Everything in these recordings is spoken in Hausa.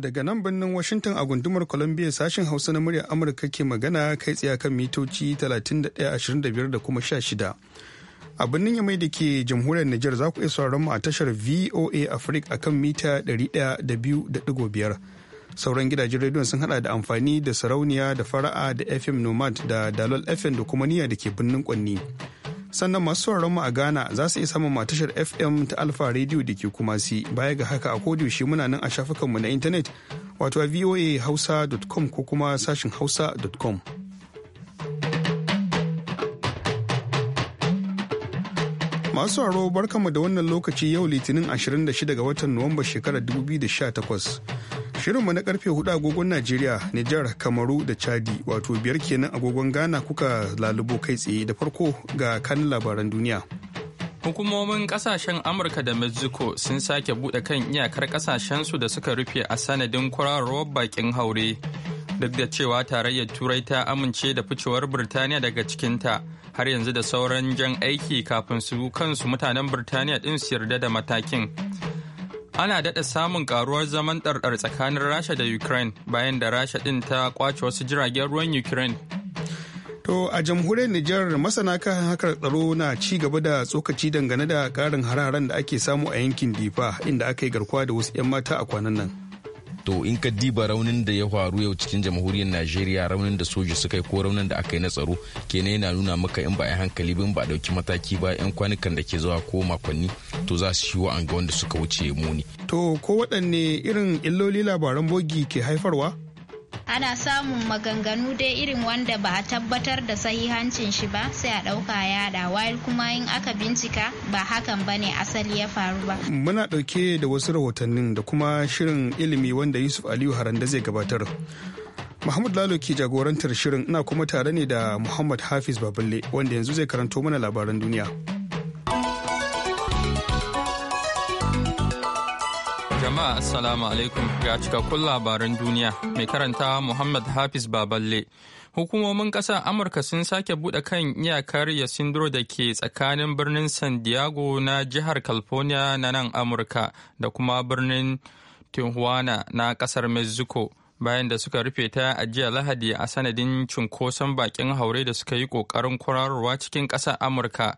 Daga nan birnin Washington a gundumar Columbia sashen Hausa na muryar Amurka ke magana kai tsaye kan mitoci 31.25 da kuma 16. A birnin Yamai da ke jamhuriyar Nijar za ku iya sauraron mu a tashar VOA Africa a kan mita 102.5. Sauran gidajen rediyon sun hada da amfani da sarauniya da fara'a da FM Nomad da Dalol FM da kuma niyya da ke birnin Kwanni. sannan masu sauraron mu a Ghana za su iya samun tashar FM ta Alfa Radio da ke kuma si baya ga haka a shi muna nan a shafukanmu na intanet wato a voahausa.com ko kuma sashin hausa.com. Masu sauraro barkanmu da wannan lokaci yau litinin 26 ga watan Nuwamba shekarar 2018. Shirinmu na karfe hudu agogon Najeriya, Nijar, Kamaru da Chadi wato biyar kenan agogon Ghana kuka lalubo kai tsaye da farko ga kan labaran duniya. Hukumomin kasashen Amurka da Mexico sun sake buɗe kan iyakar kasashensu da suka rufe a sanadin kwararowar bakin haure. Duk da cewa tarayyar Turai ta amince da ficewar Birtaniya daga cikinta, har yanzu da sauran jan aiki kafin su kansu mutanen Birtaniya ɗin su yarda da matakin. ana daɗa samun karuwar zaman ɗarɗar tsakanin rasha da ukraine bayan da rasha ɗin ta kwace wasu jiragen ruwan ukraine to a jamhuriyar nijar masana kan hakar tsaro na ci gaba da tsokaci dangane da ƙarin hararen da ake samu a yankin difa inda aka yi garkuwa da wasu 'yan mata a kwanan nan to in ka diba raunin da ya faru yau cikin jamhuriyar najeriya raunin da soja suka yi ko raunin da aka yi na tsaro kenan yana nuna maka in ba a hankali ba ba dauki mataki ba yan kwanukan da ke zuwa ko makonni to za su shiwa an ga wanda suka wuce muni to ko waɗanne irin illoli labaran bogi ke haifarwa ana samun maganganu dai irin wanda ba a tabbatar da sahihancin shi ba sai a ɗauka yada wayar kuma in aka bincika ba hakan ba ne asali ya faru ba. Muna ɗauke da wasu rahotannin da kuma shirin ilimi wanda Yusuf Aliyu Haranda zai gabatar. Muhammad Lalo ke jagorantar shirin ina kuma tare ne da Muhammad Hafiz Baballe wanda yanzu zai karanto mana labaran duniya. Jama'a Assalamu alaikum ga cikakkun labaran duniya mai karanta Muhammad Hafiz Baballe. Hukumomin ƙasar Amurka sun sake buɗe kan iyakar Yasindro da ke tsakanin birnin San Diego na jihar California na nan Amurka da kuma birnin Tijuana na ƙasar Mexico. bayan da suka rufe ta a jiya lahadi a sanadin cunkoson bakin haure da suka yi kokarin kwararwa cikin ƙasar amurka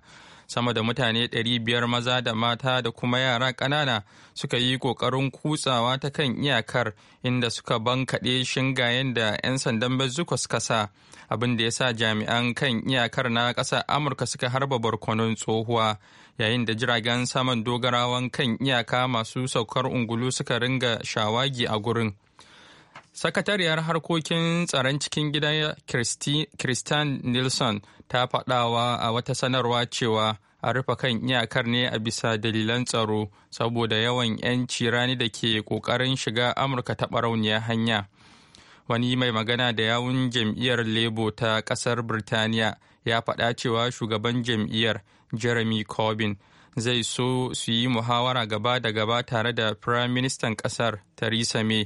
sama da mutane 500 maza da mata da kuma yara ƙanana suka yi ƙoƙarin kutsawa ta kan iyakar inda suka bankaɗe shingayen da 'yan sandan bezuko suka sa abin da ya sa jami'an kan iyakar na ƙasa amurka suka harba barkonon tsohuwa yayin da jiragen saman dogarawan kan iyaka masu saukar ungulu suka ringa shawagi a gurin. Sakatariyar harkokin tsaron cikin gida Christian Nilsson ta faɗawa a wata sanarwa cewa a rufe kan iyakar ne a bisa dalilan tsaro saboda yawan 'yanci rani da ke ƙoƙarin shiga Amurka ta barauniyar hanya. Wani mai magana da yawun jam'iyyar Labour ta ƙasar Birtaniya ya faɗa cewa shugaban jam'iyyar Jeremy Corbyn zai so su yi muhawara gaba da gaba tare da Firaministan ministan kasar theresa may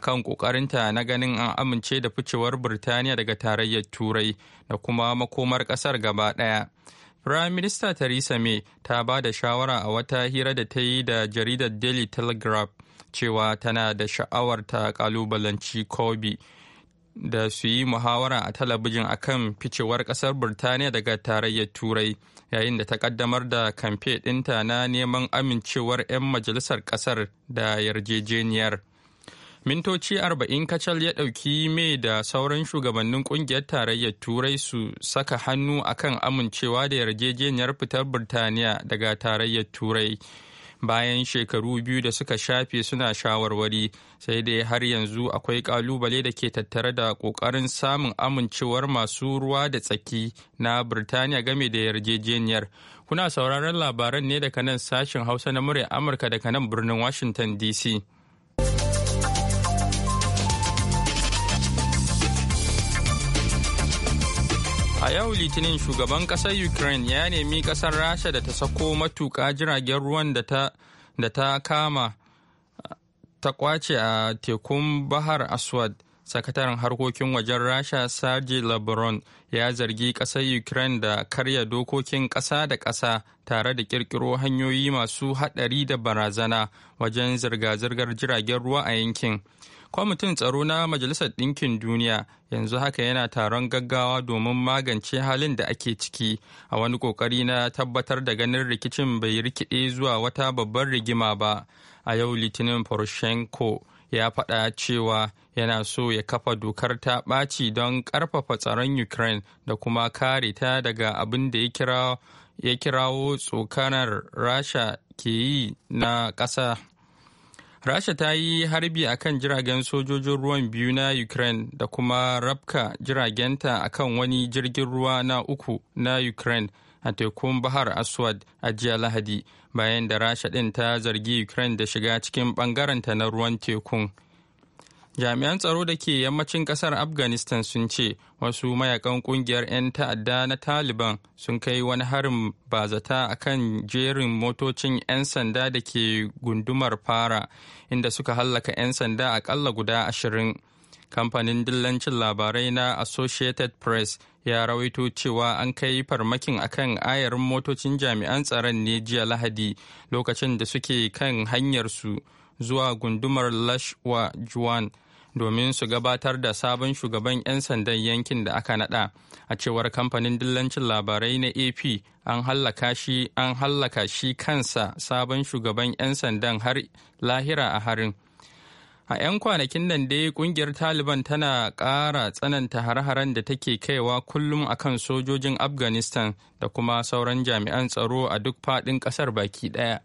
kan ƙoƙarinta na ganin an amince da ficewar birtaniya daga tarayyar turai da kuma makomar ƙasar gaba ɗaya. firayim minista theresa may ta ba da shawara a wata hira da ta yi da jaridar daily telegraph cewa tana da sha'awar ta ƙalubalanci kobi da su yi muhawara a talabijin a kan ficewar kasar Birtaniya daga tarayyar Turai yayin da ta kaddamar da kamfe ɗinta na neman amincewar 'yan majalisar ƙasar da yarjejeniyar. Mintoci arba'in kacal ya ɗauki mai da sauran shugabannin ƙungiyar tarayyar Turai su saka hannu akan amincewa da yarjejeniyar fitar Birtaniya daga tarayyar Turai. bayan shekaru biyu da suka shafe suna shawarwari sai dai har yanzu akwai kalubale da ke tattare da kokarin samun amincewar masu ruwa da tsaki na birtaniya game da yarjejeniyar kuna sauraron labaran ne daga nan sashen hausa na murya amurka daga nan birnin washington dc A yau Litinin shugaban kasar Ukraine ya nemi kasar Rasha da ta sako matuka jiragen ruwan da ta kama ta kwace a tekun Bahar Aswad. Sakataren harkokin wajen Rasha Sergey Lebron ya zargi kasar Ukraine da karya dokokin ƙasa da ƙasa tare da ƙirƙiro hanyoyi masu haɗari da barazana wajen zirga-zirgar jiragen ruwa a yankin. kwamitin tsaro na majalisar ɗinkin duniya yanzu haka yana taron gaggawa domin magance halin da ake ciki a wani ƙoƙari na tabbatar da ganin rikicin bai rikide zuwa wata babbar rigima ba a yau litinin poroshenko ya faɗa cewa yana so ya kafa dokar ta ɓaci don ƙarfafa tsaron ukraine da kuma kare ta daga abin da ya kirawo tsokanar rasha ke yi na ƙasa rasha ta yi harbi a kan jiragen sojojin ruwan biyu na ukraine da kuma rabka jiragenta a kan wani jirgin ruwa na uku na ukraine a tekun bahar aswad a jiya lahadi bayan da rasha ɗin ta zargi ukraine da shiga cikin ɓangarenta na ruwan tekun. jami'an tsaro da ke yammacin kasar afghanistan sun ce wasu mayakan kungiyar 'yan ta'adda na taliban sun kai wani harin bazata a kan jerin motocin 'yan sanda da ke gundumar fara inda suka hallaka 'yan sanda akalla guda ashirin kamfanin dillancin labarai na associated press ya rawaito cewa an kai farmakin akan ayarin motocin jami'an tsaron ne jiya lahadi lokacin da suke kan hanyarsu zuwa gundumar lashwa juan domin su gabatar da sabon shugaban 'yan sandan yankin da aka nada a cewar kamfanin dillancin labarai na ap an hallaka shi an hallaka shi kansa sabon shugaban 'yan sandan har lahira a harin a 'yan kwanakin nan dai kungiyar taliban tana kara tsananta har-haren da take kaiwa kullum akan sojojin afghanistan da kuma sauran jami'an tsaro a duk faɗin ƙasar baki ɗaya.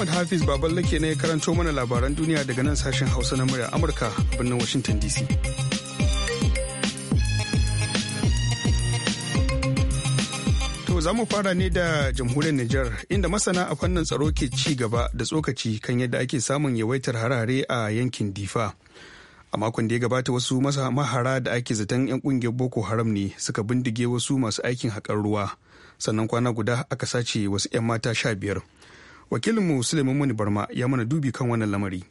Muhammad Hafiz Baballake ne ya karanto mana labaran duniya daga nan sashen Hausa na murya Amurka birnin Washington DC. To za mu fara ne da jamhuriyar Nijar inda masana a fannin tsaro ke ci gaba da tsokaci kan yadda ake samun yawaitar harare a yankin Difa. a makon da ya gabata wasu masa mahara da ake zaton 'yan kungiyar boko haram ne suka bindige wasu masu aikin haƙar ruwa sannan kwana guda aka sace wasu 'yan mata sha biyar wakilinmu suleiman mani barma ya mana dubi kan wannan lamari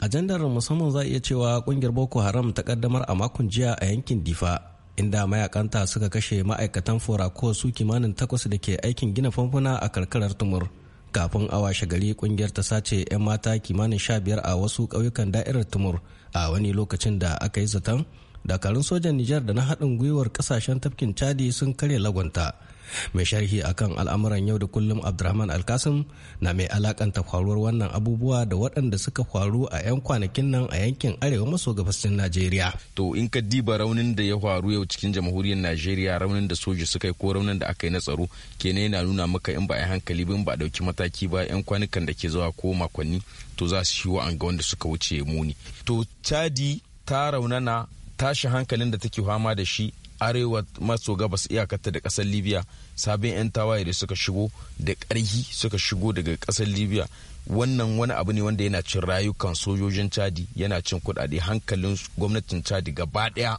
ajandar musamman za a iya cewa kungiyar boko haram ta kaddamar a makon jiya a yankin difa inda mayakanta suka kashe ma'aikatan fora ko su kimanin takwas da ke aikin gina famfuna a karkarar tumur kafin awa shagali kungiyar ta sace 'yan mata kimanin sha biyar a wasu ƙauyukan da'irar tumur a wani lokacin da aka yi zaton dakarun sojan Nijar da na haɗin gwiwar ƙasashen tafkin Chadi sun karya lagonta Mai sharhi akan al'amuran yau da kullum Abdurrahman Alkasim na mai alakanta faruwar wannan abubuwa da waɗanda suka faru a 'yan kwanakin nan a yankin arewa maso gabashin Najeriya. To in ka diba raunin da ya faru yau cikin jamhuriyar Najeriya raunin da soji suka yi ko raunin da aka yi na tsaro ne yana nuna maka in ba a yi hankali ba in ba a ɗauki mataki ba 'yan kwanukan da ke zuwa ko makonni to za su shi wa ga wanda suka wuce muni. To Chadi ta raunana tashi hankalin da take fama da shi arewa maso gabas iyakarta da kasar libya sabon 'yan tawaye da suka shigo da ƙarhi suka shigo daga kasar libya wannan wani abu ne wanda yana cin rayukan sojojin chadi yana cin kudade hankalin gwamnatin chadi gaba daya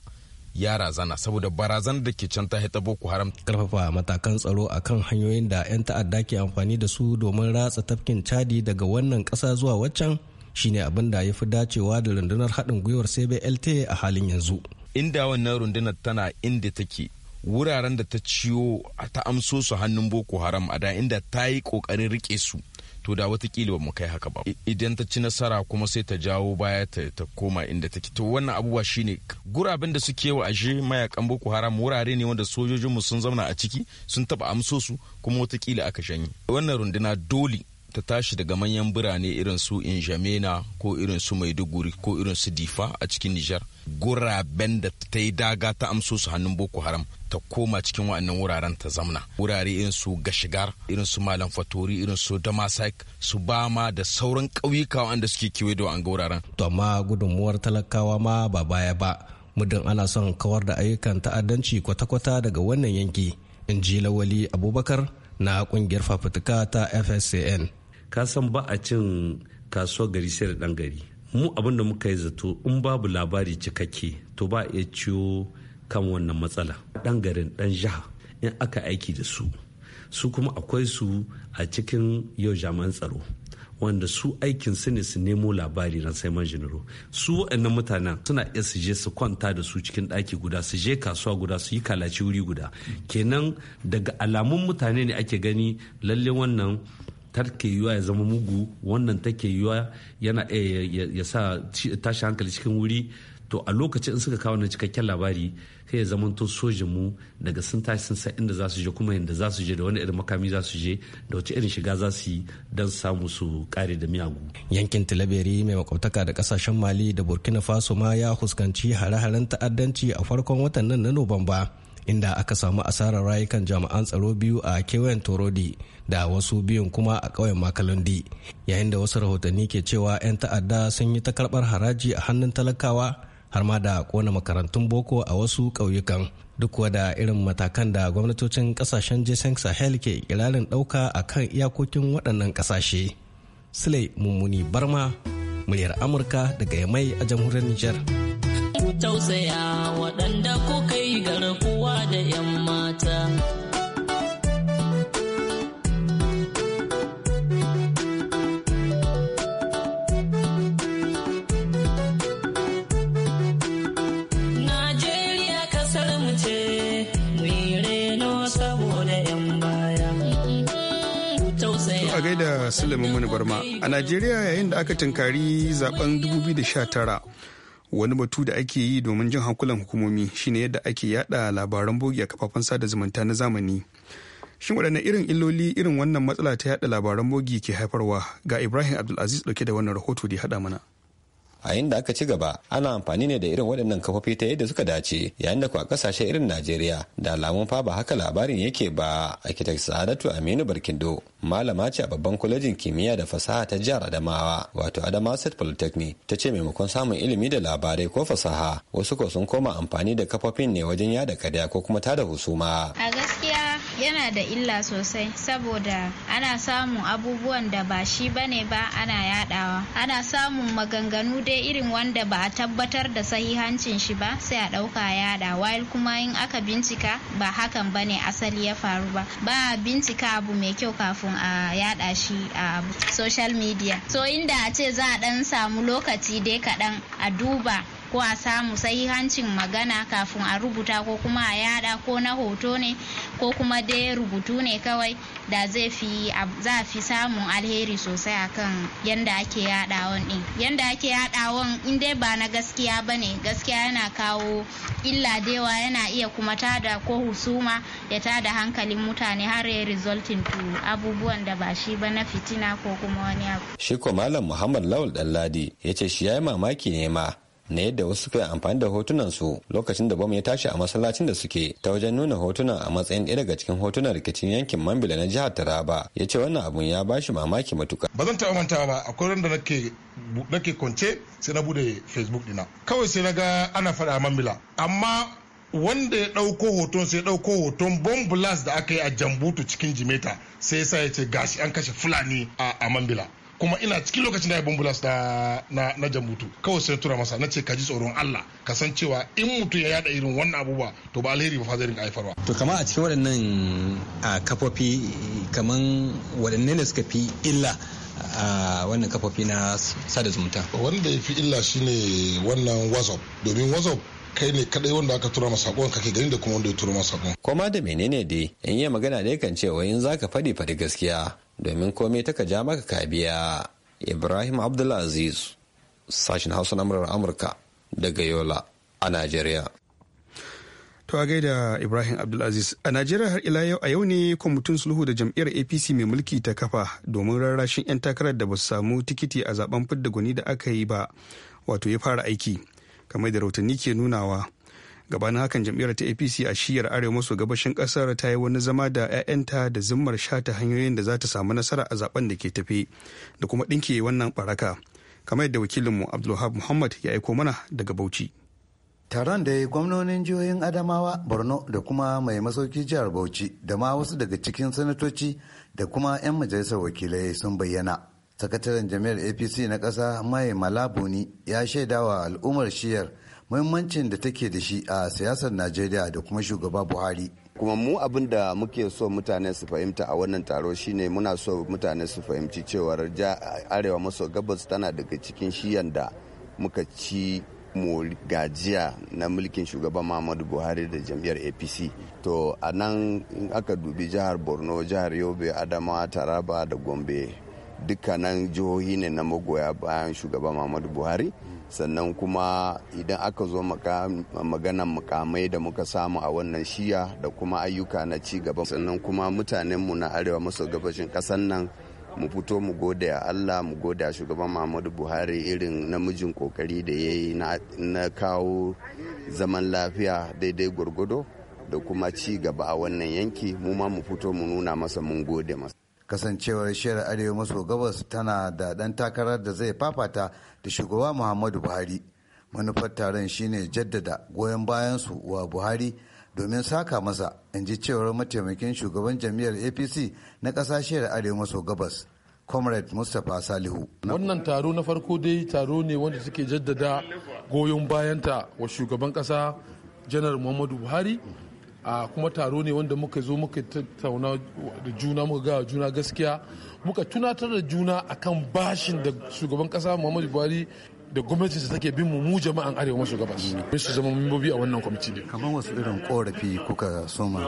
ya razana saboda barazanar da ke can ta ta boko haram karfafa matakan tsaro a kan hanyoyin da 'yan ta'adda ke amfani da su domin ratsa tafkin chadi daga wannan ƙasa zuwa waccan shine abin da ya fi dacewa da rundunar haɗin gwiwar cblt a halin yanzu inda wannan rundunar tana inda take wuraren da ta ciwo ta amso su hannun boko haram a da inda ta yi ƙoƙarin rike su to da watakila ba mu kai haka ba idan ta ci nasara kuma sai ta jawo baya ta koma inda take to wannan abubuwa shine guraben da suke wa ashe mayakan boko haram wurare ne wanda sojojinmu sun zauna a ciki sun taba amso su kuma watakila aka shanye wannan runduna dole ta tashi daga manyan birane irin su injamena ko irin su maiduguri ko irin su difa a cikin nijar guraben da ta yi daga ta amso su hannun boko haram ta koma cikin wa'annan wuraren ta zamna wurare irin su gashigar irin su malam fatori irin su damasak su bama da sauran ƙauyuka wanda suke kewaye da wa'anga wuraren to amma gudunmuwar talakawa ma ba baya ba muddin ana son kawar da ayyukan ta'addanci kwata-kwata daga wannan yanki in ji lawali abubakar na kungiyar fafutuka ta fscn ka san ba a cin kasuwar gari sai da ɗan gari mu abin da muka yi zato in babu labari cikakke to ba iya ciwo kan wannan matsala ɗan garin ɗan jiha in aka aiki da su su kuma akwai su a cikin yau jami'an tsaro wanda su aikin su ne su nemo labari na sai jiniro su waɗannan mutanen suna iya su je su kwanta da su cikin ɗaki guda su je kasuwa guda su yi kalaci wuri guda kenan daga alamun mutane ne ake gani lalle wannan tarke yiwa ya zama mugu wannan take yiwa yana eh, ya sa tashi hankali cikin wuri to a lokacin in suka kawo na cikakken labari sai ya to sojin mu daga sun tashi sun san inda za su je kuma yadda za su je da wani irin makami za su je da wace irin shiga za su yi don samu su kare da miyagu. yankin tilaberi mai makwabtaka da kasashen mali da burkina faso ma ya fuskanci hare-haren ta'addanci a farkon watan nan na nuwamba inda aka samu asarar rayukan jami'an tsaro biyu a kewayen torodi da wasu biyun kuma a ƙauyen makalandi yayin da wasu rahotanni ke cewa 'yan ta'adda sun yi ta haraji a hannun talakawa har ma da kona makarantun boko a wasu ƙauyukan duk da irin matakan da gwamnatocin kasashen jason sahel ke kirarin ɗauka a kan iyakokin waɗannan ƙasashe sule mummuni barma muryar amurka daga yamai a jamhuriyar nijar tausaya waɗanda Sulaiman Mani Barma. A Najeriya yayin da aka tunkari zaben 2019 wani batu da ake yi domin jin hankulan hukumomi shine yadda ake yada labaran bogi a kafafen sada zumunta na zamani. Shin waɗanne irin illoli irin wannan matsala ta yada labaran bogi ke haifarwa ga Ibrahim Abdulaziz ɗauke da wannan rahoto da ya haɗa mana. a da aka ci gaba ana amfani ne da irin waɗannan kafofi ta yadda suka dace yayin da ku a irin najeriya da alamun fa ba haka labarin yake ba architect sadatu aminu barkindo malama ce a babban kwalejin kimiyya da fasaha ta jihar adamawa wato adama set polytechnic ta ce maimakon samun ilimi da labarai ko fasaha wasu ko sun koma amfani da kafofin ne wajen yada kadaya ko kuma tada husuma a gaskiya yana da illa sosai saboda ana samun abubuwan da ba shi bane ba ana yadawa ana samun maganganu dai irin wanda ba a tabbatar da sahihancin shi ba sai a dauka yada while kuma in aka bincika ba hakan bane asali ya faru ba ba bincika abu mai kyau kafin a yada shi a social media so inda a ce za a dan samu lokaci dai kaɗan a duba ko a samu sahihancin magana kafin a rubuta ko kuma a yada ko na hoto ne ko kuma dai rubutu ne kawai da zai fi za fi samun alheri sosai akan yanda ake yadawan din yanda ake yadawan in dai ba na gaskiya bane gaskiya yana kawo illa dewa yana iya kuma tada ko husuma ya tada hankalin mutane har ya resulting to abubuwan da ba shi ba na fitina ko kuma wani abu shi ko malam muhammad lawal dalladi ya ce shi yayi mamaki ne ma na yadda wasu suka yi amfani da hotunan su lokacin da bom ya tashi a masallacin da suke ta wajen nuna hotuna a matsayin ɗaya daga cikin hotunan rikicin yankin Mambila na jihar Taraba ya ce wannan abun ya ba shi mamaki matuka. Ba zan taɓa mantawa ba akwai wanda da nake kwance sai na bude Facebook dina kawai sai na ga ana faɗa a Mambila amma wanda ya ɗauko hoton sai ɗauko hoton bom blast da aka yi a jambutu cikin jimeta sai ya sa ya ce gashi an kashe fulani a mambila. kuma ina cikin lokacin da ya bambulas na na, na jambutu kawai sai tura masa na ce ka ji tsoron Allah ka cewa in mutum ya yada irin wannan abubuwa to ba alheri ba fazarin aifarwa. haifarwa to kama a cikin waɗannan kafofi kaman waɗanne ne suka fi illa a wannan kafofi na sada zumunta wanda ya fi illa shine wannan whatsapp domin whatsapp kai ne kadai wanda aka tura masa sakon kake gani da kuma wanda ya tura masa sakon koma da menene dai in yi magana dai kan cewa in zaka fadi fadi gaskiya domin komai ta ka ja maka ka biya ibrahim abdulaziz sashen hausa na murar amurka daga yola a najeriya To a gaida Ibrahim Abdulaziz. A Najeriya har ila yau a yau ne kwamitin sulhu da jam'iyyar APC mai mulki ta kafa domin rarrashin 'yan takarar da ba su samu tikiti a zaben fidda gwani da aka yi ba wato ya fara aiki. kamar da rahotanni ke nunawa gabanin hakan jam'iyyar ta apc a shiyar arewa maso gabashin kasar ta yi wani zama da 'ya'yanta da zimmar shata hanyoyin da za ta samu nasara a zaben da ke tafi da kuma ɗinke wannan baraka kamar yadda wakilinmu abdulhab muhammad ya aiko mana daga bauchi taron da ya gwamnonin jihohin adamawa borno da kuma mai masauki jihar bauchi da ma wasu daga cikin sanatoci da kuma 'yan majalisar wakilai sun bayyana sakataren jami'ar apc na ƙasa mai malabuni ya shaida wa al'ummar shiyar muhimmancin da take da shi a siyasar najeriya da kuma shugaba buhari kuma mu abin da muke so mutane su fahimta a wannan taro shine muna so mutane su fahimci cewar arewa maso gabas tana daga cikin shiyan da muka ci mu gajiya na mulkin shugaban muhammadu buhari da jam'iyyar apc to a nan aka dubi jihar borno jihar yobe adamawa taraba da gombe dukkanin jihohi ne na magoya bayan shugaba muhammadu buhari sannan kuma idan aka zo maganan mukamai da muka samu a wannan shiya da kuma ayyuka na ci gaba sannan kuma mutanenmu na arewa maso gabashin kasan nan mu fito mu gode a Allah mu gode a shugaban Muhammadu Buhari irin namijin kokari da ya yi na kawo zaman lafiya daidai gwargwado da kuma cigaba a wannan yanki mu ma mu fito mu nuna masa mun gode masa. kasancewar shirin arewa maso gabas tana da ɗan takarar da zai fafata da shugaba muhammadu buhari manufar taron shine jaddada goyon bayansu wa buhari domin saka masa in ji cewar mataimakin shugaban jam'iyyar apc na ƙasashiyar arewa maso gabas comrade mustapha salihu wannan taro na farko dai taro ne wanda suke jaddada goyon bayanta wa shugaban ƙasa janar muhammadu buhari kuma taro ne wanda muka zo muka tattauna da juna muka gaya juna gaskiya muka tunatar da juna akan bashin da shugaban kasa muhammadu buhari da gwamnatin da take bin mu mu jama'an arewa maso gabas mun su zama membobi a wannan kwamiti ne kamar wasu irin korafi kuka soma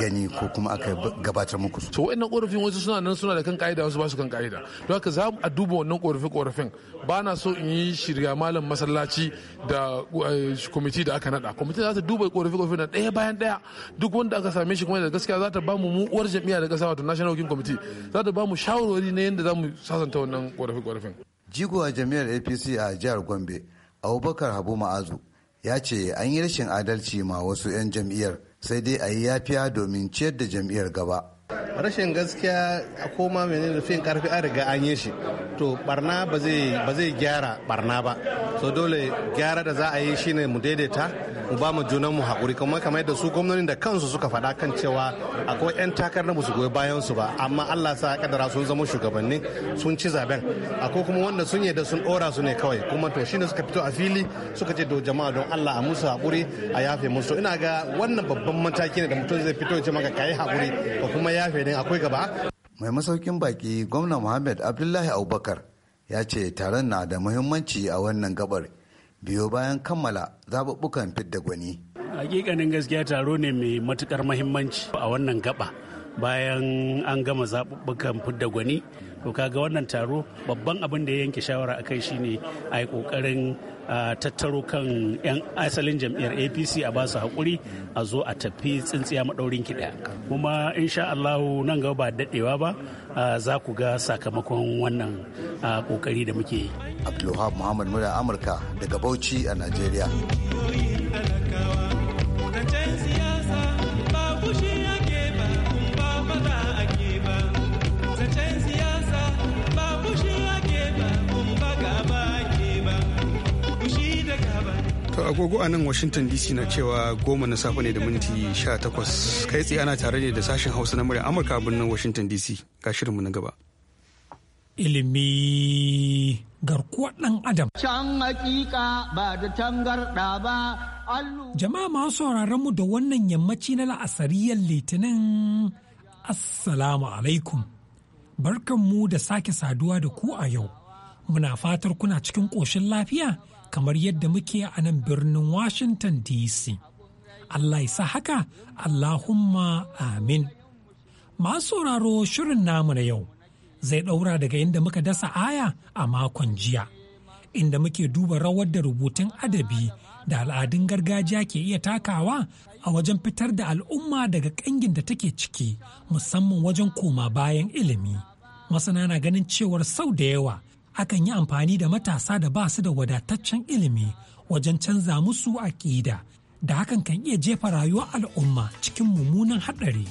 gani ko kuma aka gabatar muku so wayannan korafin wasu suna nan suna da kan ka'ida wasu ba su kan ka'ida don haka za a duba wannan korafi korafin ba na so in yi shirya malam masallaci da eh, kwamiti da aka nada kwamiti za ta duba korafi korafin na ɗaya bayan ɗaya duk wanda aka same shi kuma da gaskiya za ta ba mu mu uwar jamia da kasa wato national working committee za ta ba mu shawarwari na yadda za mu sasanta wannan korafi korafin jigo a jami'ar apc a jihar gombe abubakar habu ma'azu ya ce an yi rashin adalci ma wasu 'yan jam'iyyar sai dai a yi yafiya domin ciyar da jam'iyyar gaba rashin gaskiya a koma da fin karfi an riga an yi shi to barna ba zai gyara barna ba so dole gyara da za a yi ne mu daidaita mu ba mu junan mu haƙuri kuma kamar yadda su gwamnoni da kansu suka faɗa kan cewa akwai 'yan takarar musu goyi bayan su ba amma Allah sa kadara sun zama shugabanni sun ci zaben akwai kuma wanda sun da sun ɗora su ne kawai kuma to shine suka fito a fili suka ce do jama'a don Allah a musu haƙuri a yafe musu ina ga wannan babban mataki ne da mutum zai fito ya ce maka kayi haƙuri ko kuma yafe ne akwai gaba mai masaukin baki gwamna muhammad abdullahi abubakar ya ce taron na da muhimmanci a wannan gabar biyo bayan kammala zaɓuɓɓukan fidda gwani hakikanin gaskiya taro ne mai matukar muhimmanci a wannan gaba bayan an gama zaɓuɓɓukan fidda gwani to kaga wannan taro babban abin da ya yanke shawara a kai shine a yi ƙoƙarin a tattaro kan 'yan asalin jam'iyyar apc a ba su haƙuri a zo a tafi tsintsiya maɗaurin kiɗa kuma insha allahu nan gaba ba daɗewa ba za ku ga sakamakon wannan ƙoƙari da muke yi abdulwahab muhammad mura amurka daga bauchi a najeriya agogo a nan Washington DC na cewa goma na safe ne da minti 18 kai tsaye ana tare ne da sashen Hausa na murya Amurka birnin Washington DC ga shirinmu na gaba. Ilimi garkuwar ɗan Adam. Can hakika ba da tangarɗa ba. Jama'a masu sauraron mu da wannan yammaci na la'asariyar litinin Assalamu alaikum. Barkanmu da sake saduwa da ku a yau. Muna fatar kuna cikin ƙoshin lafiya. kamar yadda muke a nan birnin Washington DC. Allah ya haka, Allahumma amin. Masu sauraro shirin namu na yau zai ɗaura daga inda muka dasa aya a makon jiya, inda muke duba rawar da rubutun adabi da al'adun gargajiya ke iya takawa a wajen fitar da al'umma daga ƙangin da take ciki, musamman wajen koma bayan ilimi. Masana na ganin cewar sau da yawa. akan yi amfani da matasa da ba su da wadataccen ilimi wajen canza musu aƙida da hakan kan iya jefa rayuwar al'umma cikin mummunan haɗari.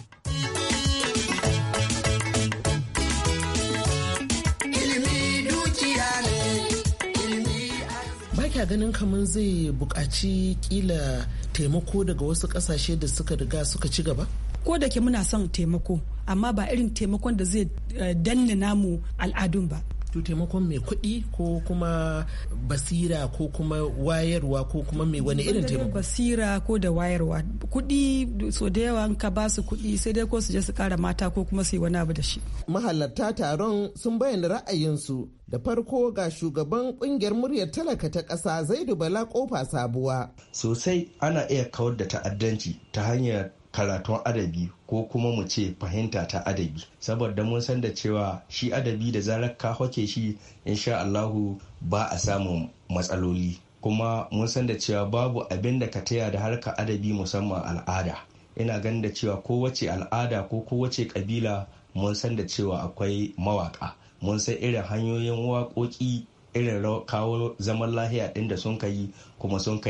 kya ganin kamar zai buƙaci ƙila taimako daga wasu ƙasashe da suka riga suka ci gaba? ko da ke muna son taimako amma ba irin taimakon da zai eh, danna namu al'adun ba to taimakon mai kuɗi ko kuma basira ko kuma wayarwa ko kuma mai wani irin taimako basira ko da wayarwa kuɗi so da yawa ka ba su kuɗi sai dai ko su je su kara mata ko kuma su yi wani abu da shi mahalarta taron sun bayyana ra'ayinsu da farko ga shugaban ƙungiyar muryar talaka ta ƙasa zaidu bala kofa sabuwa sosai ana iya kawar da ta'addanci ta hanyar karatun adabi ko kuma mu ce fahimta ta adabi saboda mun san da cewa shi adabi da zarar ka hoke shi insha Allahu ba a samu matsaloli kuma mun san da cewa babu abin da ka taya da harka adabi musamman al'ada ina ganin da cewa kowace al'ada ko kowace kabila mun san da cewa akwai mawaka mun san irin hanyoyin waƙoƙi irin kawo zaman lahiya ɗin da sun ka yi kuma sun ka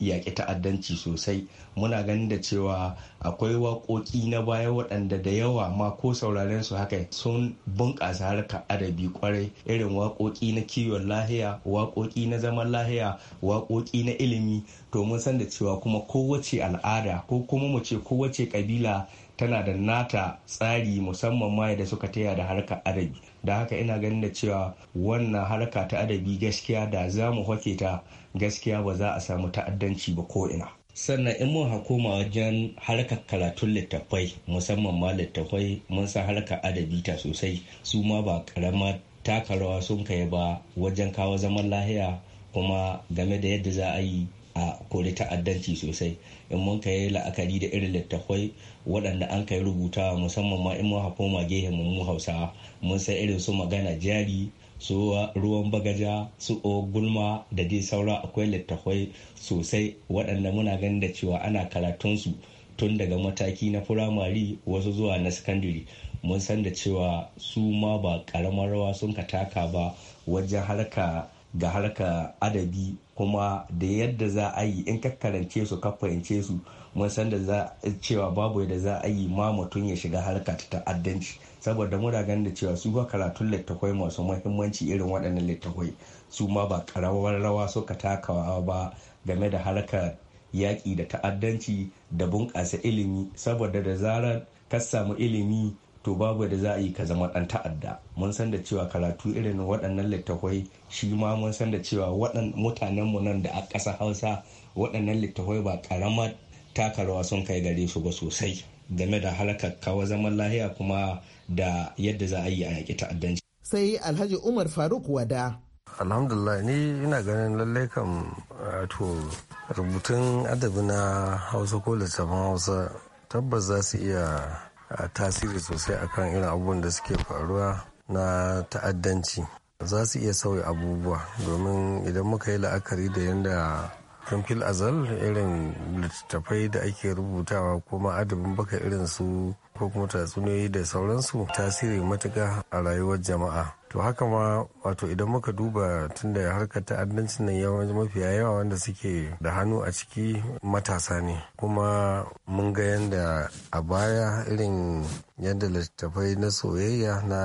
yaƙi ta'addanci sosai muna ganin da cewa akwai waƙoƙi na baya waɗanda da yawa ma ko sauraren su haka sun bunƙasa harkar adabi kwarai irin waƙoƙi na kiwon lahiya waƙoƙi na zaman lahiya waƙoƙi na ilimi to mun san da cewa kuma kowace al'ada ko kuma mu ce kowace ƙabila tana da nata tsari musamman ma da suka taya da harkar adabi da haka ina ganin da cewa wannan harka ta adabi gaskiya da za mu hake ta gaskiya ba za a samu ta'addanci ba ko ina sannan in mun hakoma wajen harkar karatun littattafai musamman ma littattafai mun san harkar adabi ta sosai su ma ba karama taka rawa sun kai ba wajen kawo zaman lahiya kuma game da yadda za a yi a kori ta'addanci sosai in mun kai la'akari da irin littattafai waɗanda an kai rubutawa musamman ma in mun hakoma gehen mu hausawa mun san irin su magana jari su ruwan bagaja su ogulma da dai saura akwai littafai sosai waɗanda muna ganin da cewa ana karatunsu tun daga mataki na firamare wasu zuwa na sakandare mun san da cewa su ma ba ƙaramar rawa sun ka taka ba wajen harka ga harka adabi kuma da yadda za a yi in ka karance su ka fahimce su mun san da cewa babu yadda za a yi ma mutum ya shiga harka ta ta'addanci saboda muna ganin da cewa su karatun littafai masu muhimmanci irin waɗannan littafai su ma ba ƙarawar rawa suka takawa ba game da harkar yaƙi da ta'addanci da bunƙasa ilimi saboda da zarar ka samu ilimi to babu da za a yi ka zama ɗan ta'adda mun san da cewa karatu irin waɗannan littafai shi ma mun san da cewa mutanenmu nan da a ƙasa hausa waɗannan littafai ba ƙaramar taka rawa sun kai gare su ba sosai game da harkar kawo zaman lahiya kuma da yadda za a yi a yaƙi ta'addanci. sai alhaji umar faruk wada alhamdulillah ni ina ganin lallai kam eh, to rubutun adabi na hausa ko littafin hausa tabbas za su iya eh, tasiri sosai akan irin abubuwan da suke faruwa na ta'addanci za su iya sauya abubuwa domin idan muka yi la'akari da yadda fil azal irin littattafai da ake rubutawa kuma adabin baka irin su ko kuma tatsuniyoyi da sauransu tasiri matuka a rayuwar jama'a to haka ma wato idan muka duba tunda harkar ta'addanci nan yawanci mafiya yawa wanda suke da hannu a ciki matasa ne kuma mun ga yadda a baya irin yadda littafai na soyayya na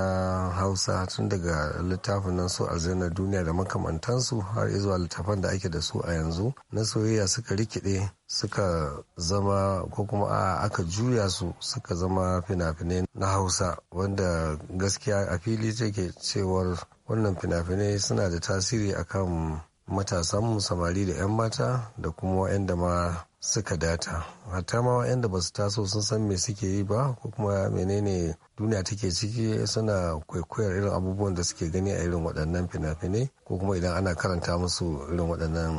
hausa tun daga littafin nan su alzanar duniya da makamantansu har zuwa littafan da ake da su a yanzu na soyayya suka rikide suka zama ko kuma a aka juya su suka zama fina-finai na hausa wanda gaskiya a fili take cewar wannan fina-finai suna da tasiri akan matasanmu samari da 'yan mata da kuma 'yan da ma suka data hatta ma wa'anda ba su taso sun san me suke yi ba ko kuma menene duniya take ciki suna kwaikwayar irin abubuwan da suke gani a irin waɗannan fina-finai ko kuma idan ana karanta musu irin waɗannan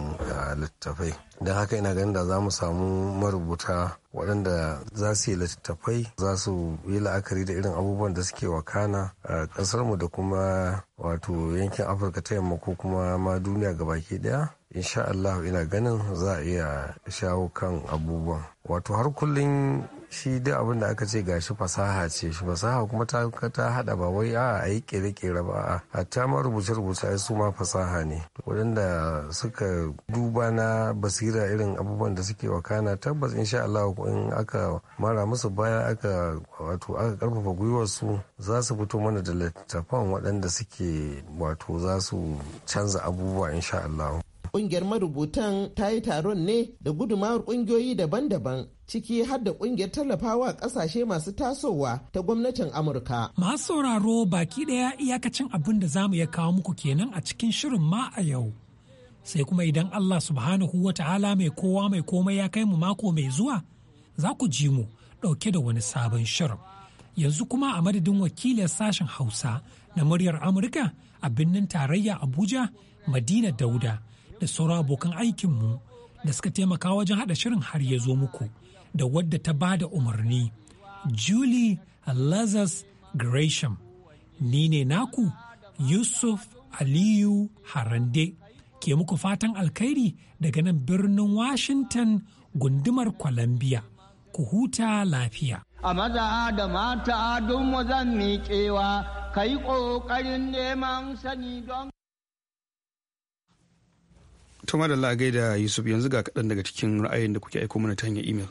littattafai don haka ina ganin da za mu samu marubuta waɗanda za su yi littattafai za su yi la'akari da irin abubuwan da suke wakana a ƙasarmu da kuma wato yankin afirka ta yamma ko kuma ma duniya gabaki ɗaya insha Allah ina ganin za a iya shawo kan abubuwan wato har kullum shi duk abin da aka ce ga shi fasaha ce shi fasaha kuma ta ta hada ba wai a yi kere-kere ba a hatta ma rubuce-rubuce ai su ma fasaha ne waɗanda suka duba na basira irin abubuwan da suke wakana tabbas insha Allah in aka mara musu baya aka wato aka karfafa gwiwar su za su fito mana da littattafan waɗanda suke wato za su canza abubuwa insha Allah Ƙungiyar marubutan ta yi taron ne da gudumawar ƙungiyoyi daban-daban ciki har da ƙungiyar tallafawa ƙasashe masu tasowa ta gwamnatin Amurka. Masu sauraro baki ɗaya iyakacin abin da zamu ya kawo muku kenan a cikin shirin ma a yau. Sai kuma idan Allah subhanahu wa ta'ala mai kowa mai komai ya kai mu mako mai zuwa, za ku ji mu ɗauke da wani sabon shirin. yanzu kuma a madadin wakilin sashen hausa na muryar amurka a birnin tarayya abuja madina dauda da sauran abokan aikinmu da suka taimaka wajen haɗa shirin har ya zo muku da wadda ta ba da umarni julie lazarus gresham ni ne naku yusuf aliyu harande ke muku fatan alkhairi daga nan birnin washington gundumar columbia ku huta lafiya a maza da mata don mu zan miƙewa ka ƙoƙarin neman sani don to madalla gaida yusuf yanzu ga kaɗan daga cikin ra'ayin da kuke aiko mana ta hanyar imel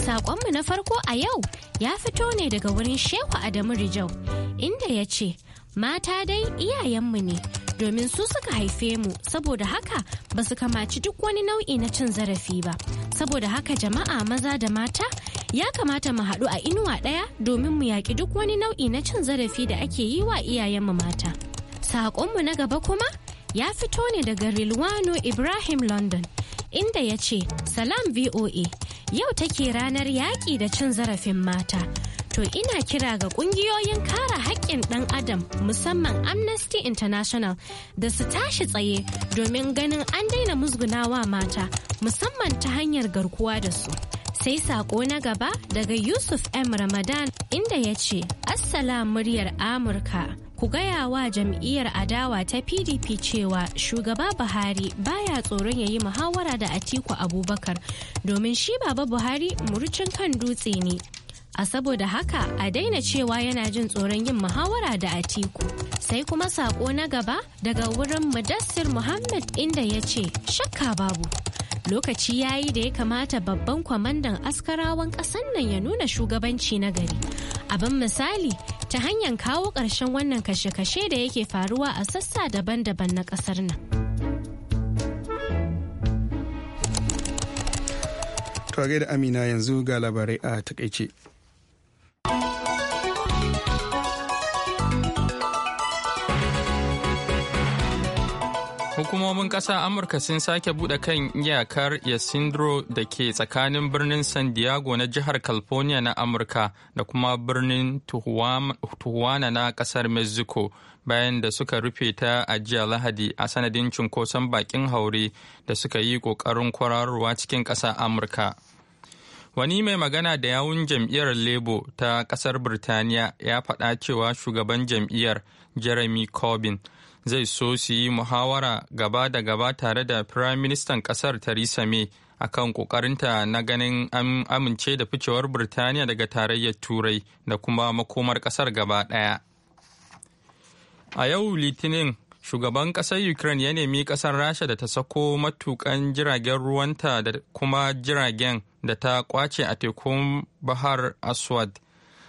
saƙonmu na farko a yau ya fito ne daga wurin Shehu Adamu Rijau, inda ya ce, Mata dai iyayenmu ne, domin su suka haife mu, saboda haka ba su kamaci duk wani nau'i na cin zarafi ba. Saboda haka jama'a maza da mata ya kamata mu haɗu a inuwa ɗaya domin mu yaƙi duk wani nau'i na cin zarafi da ake yi wa iyayenmu mata. Saƙonmu na gaba kuma ya fito ne daga Rilwano Ibrahim London inda ya ce, Salam VOA, yau take ranar yaƙi da cin zarafin mata. To ina kira ga ƙungiyoyin kare haƙƙin ɗan adam musamman Amnesty International da su tashi tsaye domin ganin an daina musgunawa mata musamman ta hanyar garkuwa da su. Sai saƙo na gaba daga Yusuf M. Ramadan inda ya ce, Assalam muryar Amurka. Ku gaya wa jam'iyyar adawa ta PDP cewa shugaba Buhari baya tsoron ya yi muhawara da Atiku Abubakar domin shi baba Buhari muricin kan dutse ne. A saboda haka a daina cewa yana jin tsoron yin muhawara da Atiku. Sai kuma saƙo na gaba daga wurin Mudassir Muhammad inda ya ce, shakka babu. lokaci ya yi da ya kamata babban kwamandan askarawan ƙasan nan ya nuna shugabanci na gari abin misali ta hanyar kawo ƙarshen wannan kashe-kashe da yake faruwa a sassa daban-daban na ƙasar nan tare da amina yanzu ga labarai a takaice Hukumomin ƙasar Amurka sun sake bude kan iyakar Yasindro da ke tsakanin birnin San Diego na jihar California na Amurka da kuma birnin Tijuana na ƙasar Mexico bayan da suka rufe ta a jiya Lahadi a sanadin cunkoson bakin haure da suka yi ƙoƙarin kwararowa cikin ƙasa Amurka. Wani mai magana da yawun jam'iyyar Labour ta ƙasar Birtaniya ya faɗa cewa shugaban jam'iyyar Jeremy Corbyn zai so su yi muhawara gaba da gaba tare da firayim ministan kasar theresa may kan ƙoƙarinta na ganin an amince da ficewar birtaniya daga tarayyar turai da kuma makomar ƙasar gaba ɗaya. a yau litinin shugaban ƙasar ukraine ya nemi ƙasar rasha da ta sako matukan jiragen ruwanta da kuma jiragen da ta kwace a tekun bahar aswad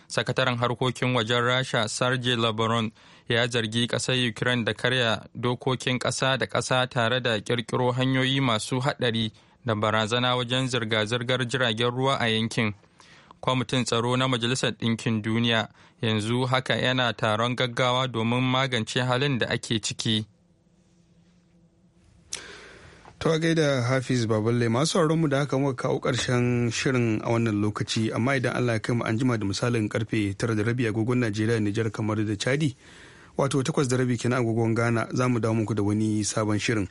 sakataren harkokin wajen rasha sarge labaron ya zargi ƙasar ukraine da karya dokokin ƙasa da ƙasa tare da ƙirƙiro hanyoyi masu haɗari da barazana wajen zirga-zirgar jiragen ruwa a yankin kwamitin tsaro na majalisar ɗinkin duniya yanzu haka yana taron gaggawa domin magance halin da ake ciki. To a da Hafiz Baballe masu mu da haka muka kawo karshen shirin a wannan lokaci amma idan Allah ya kai mu an jima da misalin karfe 9 da agogon Najeriya Nijar kamar da Chadi wato takwas da rabi kenan agogon ghana za mu dawo muku da wani sabon shirin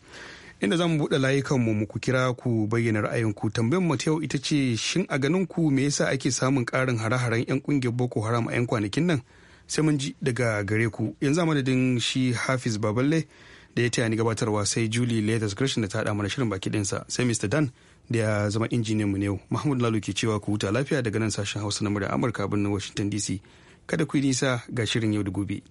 inda za mu buɗe layukanmu mu ku kira ku bayyana ra'ayinku tambayar mu ta yau ita ce shin a ganin ku me yasa ake samun ƙarin hare-haren 'yan kungiyar boko haram a 'yan kwanakin nan sai mun ji daga gare ku yanzu a madadin shi hafiz baballe da ya taya ni gabatarwa sai julie latest gresham da ta haɗa mana shirin baki ɗinsa sai mr dan da ya zama injiniyan mu ne yau mahmud lalu ke cewa ku huta lafiya daga nan sashen hausa na murya amurka birnin washington dc kada ku yi nisa ga shirin yau da gobe.